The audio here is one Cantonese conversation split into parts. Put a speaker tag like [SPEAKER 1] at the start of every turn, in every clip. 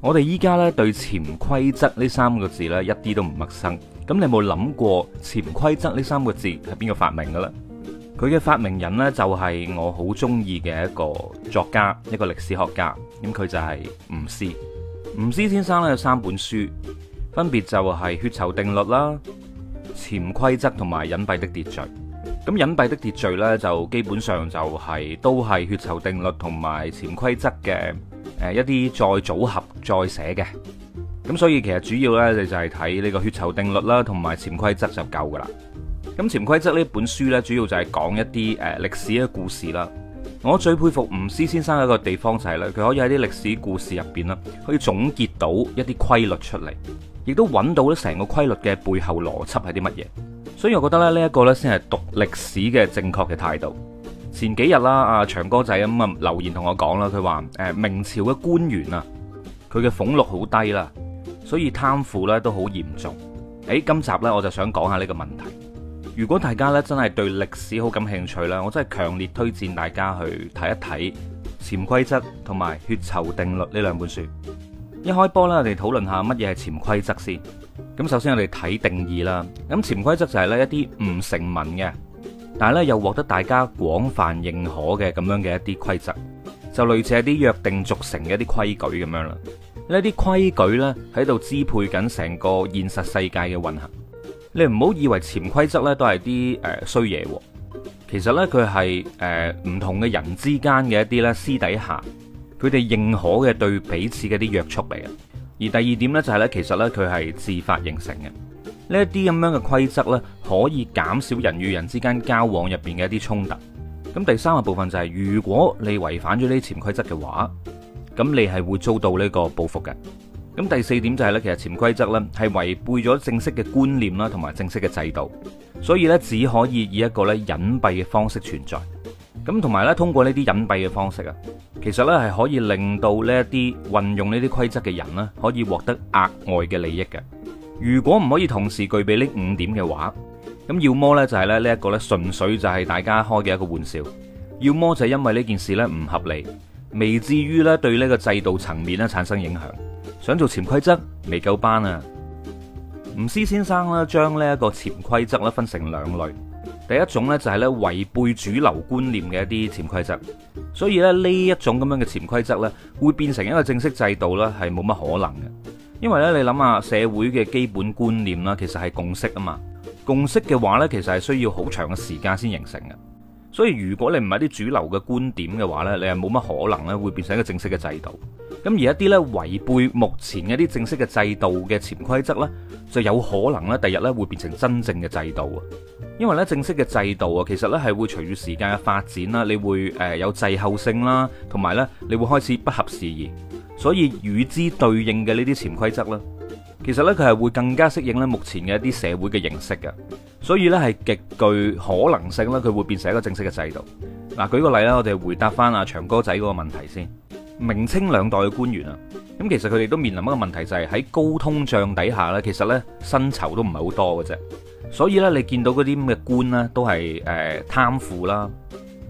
[SPEAKER 1] 我哋依家咧對潛規則呢三個字咧一啲都唔陌生，咁你有冇諗過潛規則呢三個字係邊個發明嘅呢？佢嘅發明人呢，就係我好中意嘅一個作家，一個歷史學家。咁佢就係吳思。吳思先生咧有三本書，分別就係、是《血酬定律》啦、潛規則同埋《隱蔽的秩序》。咁《隱蔽的秩序》呢，就基本上就係、是、都係《血酬定律》同埋潛規則嘅。誒，一啲再組合再寫嘅，咁所以其實主要呢，你就係睇呢個血酬定律啦，同埋潛規則就夠噶啦。咁潛規則呢本書呢，主要就係講一啲誒歷史嘅故事啦。我最佩服吳思先生的一個地方就係、是、咧，佢可以喺啲歷史故事入邊啦，可以總結到一啲規律出嚟，亦都揾到咧成個規律嘅背後邏輯係啲乜嘢。所以我覺得咧，呢一個呢，先係讀歷史嘅正確嘅態度。前幾日啦，阿長哥仔咁啊留言同我講啦，佢話誒明朝嘅官員啊，佢嘅俸祿好低啦，所以貪腐咧都好嚴重。誒，今集呢，我就想講下呢個問題。如果大家呢真係對歷史好感興趣咧，我真係強烈推薦大家去睇一睇《潛規則》同埋《血酬定律》呢兩本書。一開波呢，我哋討論下乜嘢係潛規則先。咁首先我哋睇定義啦。咁潛規則就係呢一啲唔成文嘅。但係咧，又獲得大家廣泛認可嘅咁樣嘅一啲規則，就類似一啲約定俗成嘅一啲規矩咁樣啦。呢啲規矩呢，喺度支配緊成個現實世界嘅運行。你唔好以為潛規則呢都係啲誒衰嘢，其實呢，佢係誒唔同嘅人之間嘅一啲呢私底下佢哋認可嘅對彼此嘅啲約束嚟嘅。而第二點呢，就係呢，其實呢，佢係自發形成嘅。呢一啲咁樣嘅規則呢，可以減少人與人之間交往入邊嘅一啲衝突。咁第三個部分就係，如果你違反咗呢啲潛規則嘅話，咁你係會遭到呢個報復嘅。咁第四點就係呢，其實潛規則呢係違背咗正式嘅觀念啦，同埋正式嘅制度，所以呢，只可以以一個呢隱蔽嘅方式存在。咁同埋呢，通過呢啲隱蔽嘅方式啊，其實呢係可以令到呢一啲運用呢啲規則嘅人呢，可以獲得額外嘅利益嘅。如果唔可以同時具備呢五點嘅話，咁要麼呢就係咧，呢一個咧純粹就係大家開嘅一個玩笑，要麼就係因為呢件事呢唔合理，未至於呢對呢個制度層面呢產生影響。想做潛規則，未夠班啊！吳思先生咧將呢一個潛規則呢分成兩類，第一種呢就係呢違背主流觀念嘅一啲潛規則，所以咧呢一種咁樣嘅潛規則呢會變成一個正式制度呢係冇乜可能嘅。因為咧，你諗下社會嘅基本觀念啦，其實係共識啊嘛。共識嘅話咧，其實係需要好長嘅時間先形成嘅。所以如果你唔係啲主流嘅觀點嘅話咧，你係冇乜可能咧會變成一個正式嘅制度。咁而一啲咧違背目前的一啲正式嘅制度嘅潛規則咧，就有可能咧第日咧會變成真正嘅制度啊。因為咧正式嘅制度啊，其實咧係會隨住時間嘅發展啦，你會誒有滯後性啦，同埋咧你會開始不合時宜。所以與之對應嘅呢啲潛規則咧，其實呢，佢係會更加適應咧目前嘅一啲社會嘅形式嘅，所以呢，係極具可能性呢佢會變成一個正式嘅制度。嗱，舉個例啦，我哋回答翻阿長哥仔嗰個問題先。明清兩代嘅官員啊，咁其實佢哋都面臨一個問題，就是，就係喺高通脹底下呢，其實呢，薪酬都唔係好多嘅啫。所以呢，你見到嗰啲咁嘅官呢，都係誒貪腐啦，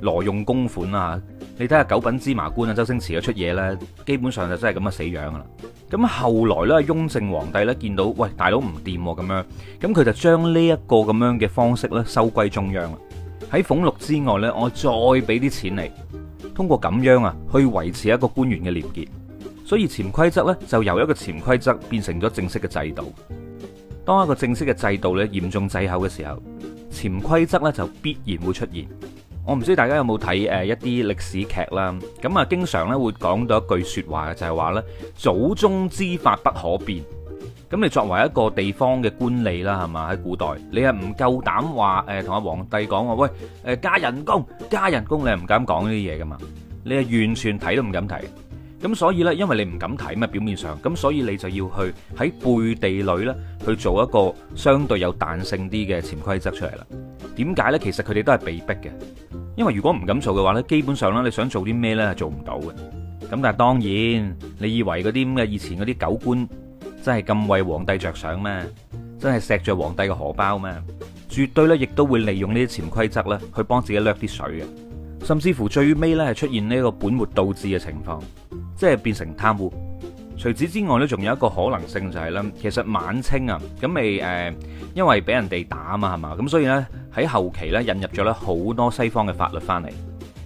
[SPEAKER 1] 挪用公款啦你睇下《九品芝麻官》啊，周星馳嘅出嘢呢，基本上就真係咁嘅死樣噶啦。咁後來呢，雍正皇帝呢見到，喂，大佬唔掂咁樣，咁佢就將呢一個咁樣嘅方式呢收歸中央啦。喺俸祿之外呢，我再俾啲錢你，通過咁樣啊，去維持一個官員嘅廉潔。所以潛規則呢，就由一個潛規則變成咗正式嘅制度。當一個正式嘅制度呢嚴重滯後嘅時候，潛規則呢就必然會出現。我唔知大家有冇睇誒一啲歷史劇啦，咁啊經常咧會講到一句說話嘅，就係話呢祖宗之法不可變。咁你作為一個地方嘅官吏啦，係嘛，喺古代，你係唔夠膽話同阿皇帝講話，喂誒加人工加人工，你係唔敢講呢啲嘢噶嘛，你係完全睇都唔敢睇。」咁所以呢，因為你唔敢睇嘛，表面上咁，所以你就要去喺背地裏呢去做一個相對有彈性啲嘅潛規則出嚟啦。點解呢？其實佢哋都係被逼嘅，因為如果唔敢做嘅話呢，基本上呢，你想做啲咩呢？係做唔到嘅。咁但係當然，你以為嗰啲咁嘅以前嗰啲狗官真係咁為皇帝着想咩？真係錫著皇帝嘅荷包咩？絕對呢，亦都會利用呢啲潛規則呢去幫自己掠啲水嘅，甚至乎最尾呢係出現呢一個本末倒置嘅情況。即係變成貪污。除此之外呢，仲有一個可能性就係呢，其實晚清啊，咁咪誒，因為俾人哋打嘛，係嘛，咁所以呢，喺後期呢，引入咗咧好多西方嘅法律翻嚟。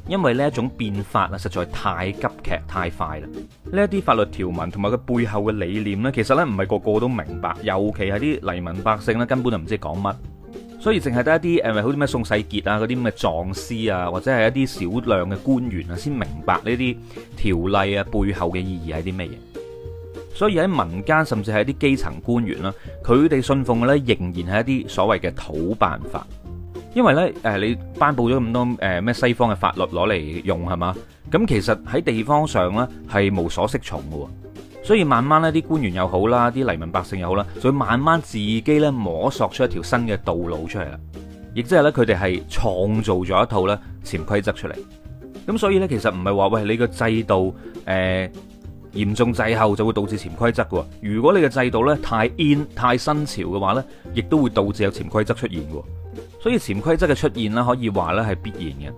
[SPEAKER 1] 因為呢一種變法啊，實在太急劇太快啦。呢一啲法律條文同埋佢背後嘅理念呢，其實呢唔係個個都明白，尤其係啲黎民百姓呢，根本就唔知講乜。所以淨係得一啲誒，好似咩宋世傑啊嗰啲咁嘅狀師啊，或者係一啲少量嘅官員啊，先明白呢啲條例啊背後嘅意義係啲咩嘢。所以喺民間甚至係一啲基層官員啦，佢哋信奉嘅咧仍然係一啲所謂嘅土辦法，因為咧誒，你頒布咗咁多誒咩西方嘅法律攞嚟用係嘛？咁其實喺地方上咧係無所適從嘅喎。所以慢慢咧，啲官員又好啦，啲黎民百姓又好啦，就會慢慢自己咧摸索出一條新嘅道路出嚟啦。亦即係咧，佢哋係創造咗一套咧潛規則出嚟。咁所以咧，其實唔係話喂你個制度誒、欸、嚴重滯後就會導致潛規則嘅。如果你嘅制度咧太 in 太新潮嘅話咧，亦都會導致有潛規則出現嘅。所以潛規則嘅出現咧，可以話咧係必然嘅。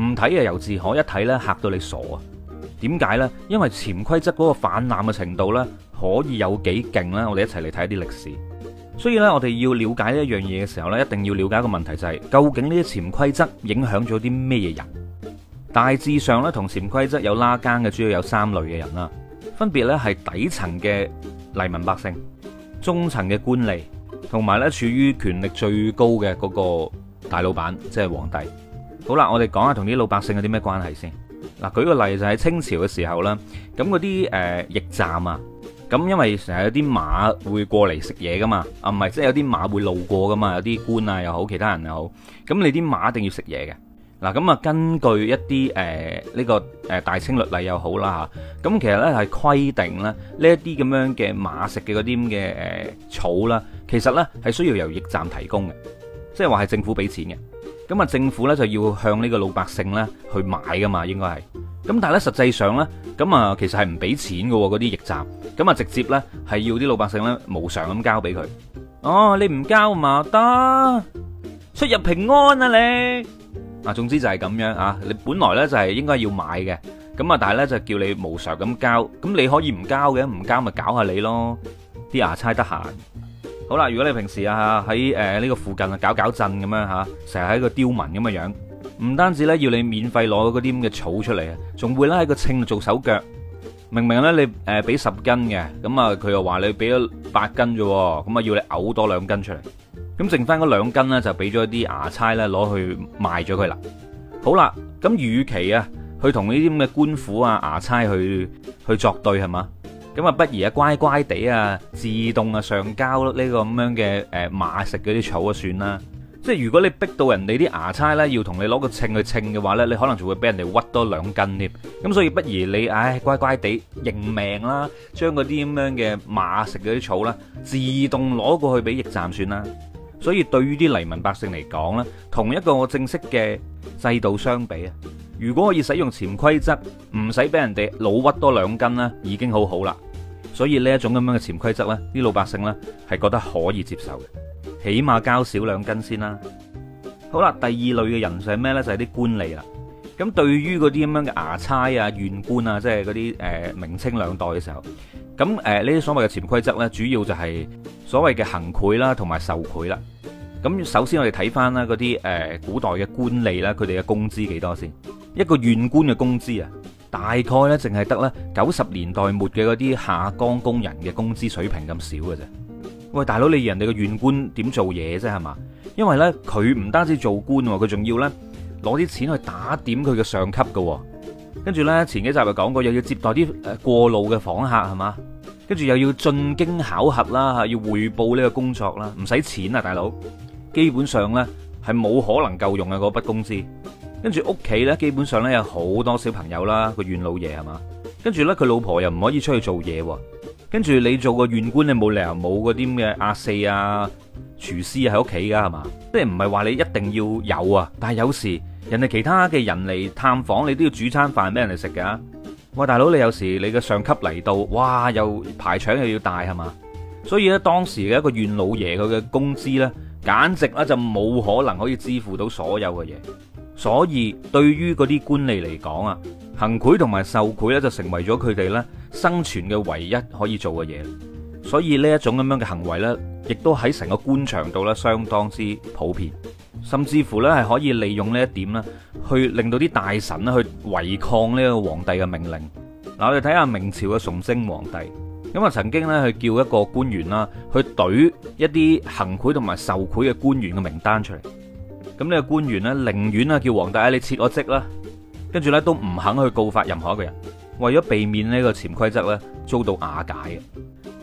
[SPEAKER 1] 唔睇啊，由自可；一睇咧，嚇到你傻啊！點解呢？因為潛規則嗰個泛濫嘅程度呢，可以有幾勁呢？我哋一齊嚟睇一啲歷史。所以呢，我哋要了解呢一樣嘢嘅時候呢，一定要了解一個問題，就係，就係究竟呢啲潛規則影響咗啲咩嘢人？大致上呢，同潛規則有拉更嘅主要有三類嘅人啦，分別呢，係底層嘅黎民百姓、中層嘅官吏，同埋呢處於權力最高嘅嗰個大老闆，即、就、係、係、皇帝。好啦，我哋講下同啲老百姓有啲咩關係先。嗱，舉個例就係清朝嘅時候啦，咁嗰啲誒驛站啊，咁因為成日有啲馬會過嚟食嘢噶嘛，啊唔係即係有啲馬會路過噶嘛，有啲官啊又好，其他人又好，咁你啲馬一定要食嘢嘅。嗱、啊，咁啊根據一啲誒呢個誒、呃、大清律例又好啦嚇，咁其實咧係規定咧呢一啲咁樣嘅馬食嘅嗰啲嘅誒草啦，其實咧係、呃、需要由驛站提供嘅，即係話係政府俾錢嘅。咁啊，政府咧就要向呢個老百姓咧去買㗎嘛，應該係。咁但係咧，實際上咧，咁啊，其實係唔俾錢嘅喎，嗰啲驛站。咁啊，直接咧係要啲老百姓咧無償咁交俾佢。哦，你唔交嘛得，出入平安啊你。啊，總之就係咁樣啊，你本來咧就係應該要買嘅。咁啊，但係咧就叫你無償咁交，咁你可以唔交嘅，唔交咪搞下你咯。啲衙差得閒。好啦，如果你平時啊喺誒呢個附近啊搞搞震咁樣吓，成日喺個刁民咁嘅樣，唔單止咧要你免費攞嗰啲咁嘅草出嚟，仲會咧喺個秤做手腳。明明咧你誒俾十斤嘅，咁啊佢又話你俾咗八斤啫，咁啊要你嘔多兩斤出嚟。咁剩翻嗰兩斤咧就俾咗啲衙差咧攞去賣咗佢啦。好啦，咁與其啊去同呢啲咁嘅官府啊衙差去去作對係嘛？咁啊，不如啊乖乖地啊，自動啊上交呢、這個咁樣嘅誒、呃、馬食嗰啲草啊，算啦。即係如果你逼到人哋啲牙差咧，要同你攞個秤去稱嘅話咧，你可能就會俾人哋屈多兩斤㗎。咁所以不如你唉乖乖地認命啦，將嗰啲咁樣嘅馬食嗰啲草啦，自動攞過去俾驛站算啦。所以對於啲黎民百姓嚟講咧，同一個我正式嘅制度相比啊。如果可以使用潛規則，唔使俾人哋老屈多兩斤咧，已經好好啦。所以呢一種咁樣嘅潛規則呢，啲老百姓呢係覺得可以接受嘅，起碼交少兩斤先啦。好啦，第二類嘅人就係咩呢？就係啲官吏啦。咁對於嗰啲咁樣嘅牙差啊、縣官啊，即係嗰啲誒明清兩代嘅時候，咁誒呢啲所謂嘅潛規則呢，主要就係所謂嘅行賄啦，同埋受賄啦。咁首先我哋睇翻啦，嗰啲古代嘅官吏啦，佢哋嘅工資幾多先？一個縣官嘅工資啊，大概咧淨係得咧九十年代末嘅嗰啲下崗工人嘅工資水平咁少嘅啫。喂，大佬，你人哋嘅縣官點做嘢啫係嘛？因為咧佢唔單止做官喎，佢仲要咧攞啲錢去打點佢嘅上級喎。跟住咧前幾集咪講過，又要接待啲過路嘅房客係嘛？跟住又要進京考核啦，吓要匯報呢個工作啦，唔使錢啊大佬！基本上呢，係冇可能夠用嘅嗰筆工資。跟住屋企呢，基本上呢，有好多小朋友啦。個縣老爺係嘛，跟住呢，佢老婆又唔可以出去做嘢喎。跟住你做個縣官，你冇理由冇嗰啲嘅阿四啊、廚師喺屋企㗎係嘛？即係唔係話你一定要有啊？但係有時人哋其他嘅人嚟探訪，你都要煮餐飯俾人哋食㗎。喂大佬，你有時你嘅上級嚟到，哇，又排場又要大係嘛？所以呢，當時嘅一個縣老爺佢嘅工資呢。簡直咧就冇可能可以支付到所有嘅嘢，所以對於嗰啲官吏嚟講啊，行賄同埋受賄咧就成為咗佢哋咧生存嘅唯一可以做嘅嘢，所以呢一種咁樣嘅行為咧，亦都喺成個官場度咧相當之普遍，甚至乎咧係可以利用呢一點咧去令到啲大臣咧去違抗呢個皇帝嘅命令。嗱，我哋睇下明朝嘅崇禎皇帝。咁啊，我曾經咧去叫一個官員啦，去懟一啲行賄同埋受賄嘅官員嘅名單出嚟。咁呢個官員咧，寧願啊叫皇帝啊，你撤我職啦，跟住咧都唔肯去告發任何一個人，為咗避免呢個潛規則咧遭到瓦解，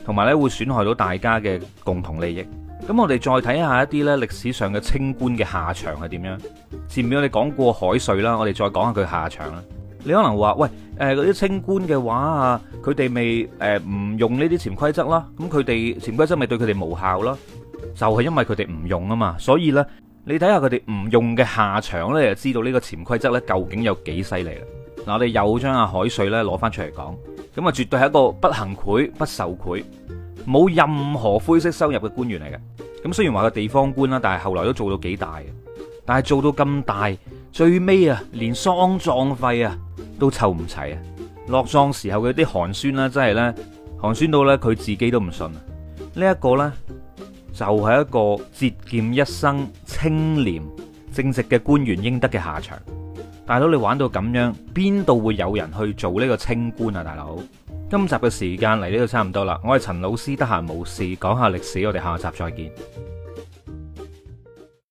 [SPEAKER 1] 同埋咧會損害到大家嘅共同利益。咁我哋再睇下一啲咧歷史上嘅清官嘅下場係點樣？前面我哋講過海瑞啦，我哋再講下佢下場啦。你可能話喂，誒嗰啲清官嘅話啊，佢哋未誒唔用呢啲潛規則啦，咁佢哋潛規則咪對佢哋無效咯？就係因為佢哋唔用啊嘛，所以咧，你睇下佢哋唔用嘅下場咧，就知道呢個潛規則咧究竟有幾犀利啦。嗱，我哋又將阿海瑞咧攞翻出嚟講，咁啊絕對係一個不行賄，不受賄，冇任何灰色收入嘅官員嚟嘅。咁雖然話個地方官啦，但係後來都做到幾大，但係做到咁大，最尾啊，連喪葬費啊～都湊唔齊啊！落葬時候嘅啲寒酸啦，真係咧寒酸到咧佢自己都唔信啊！呢一個呢，就係一個節儉一生、清廉正直嘅官員應得嘅下場。大佬，你玩到咁樣，邊度會有人去做呢個清官啊？大佬，今集嘅時間嚟呢度差唔多啦，我係陳老師，得閒無事講下歷史，我哋下集再見。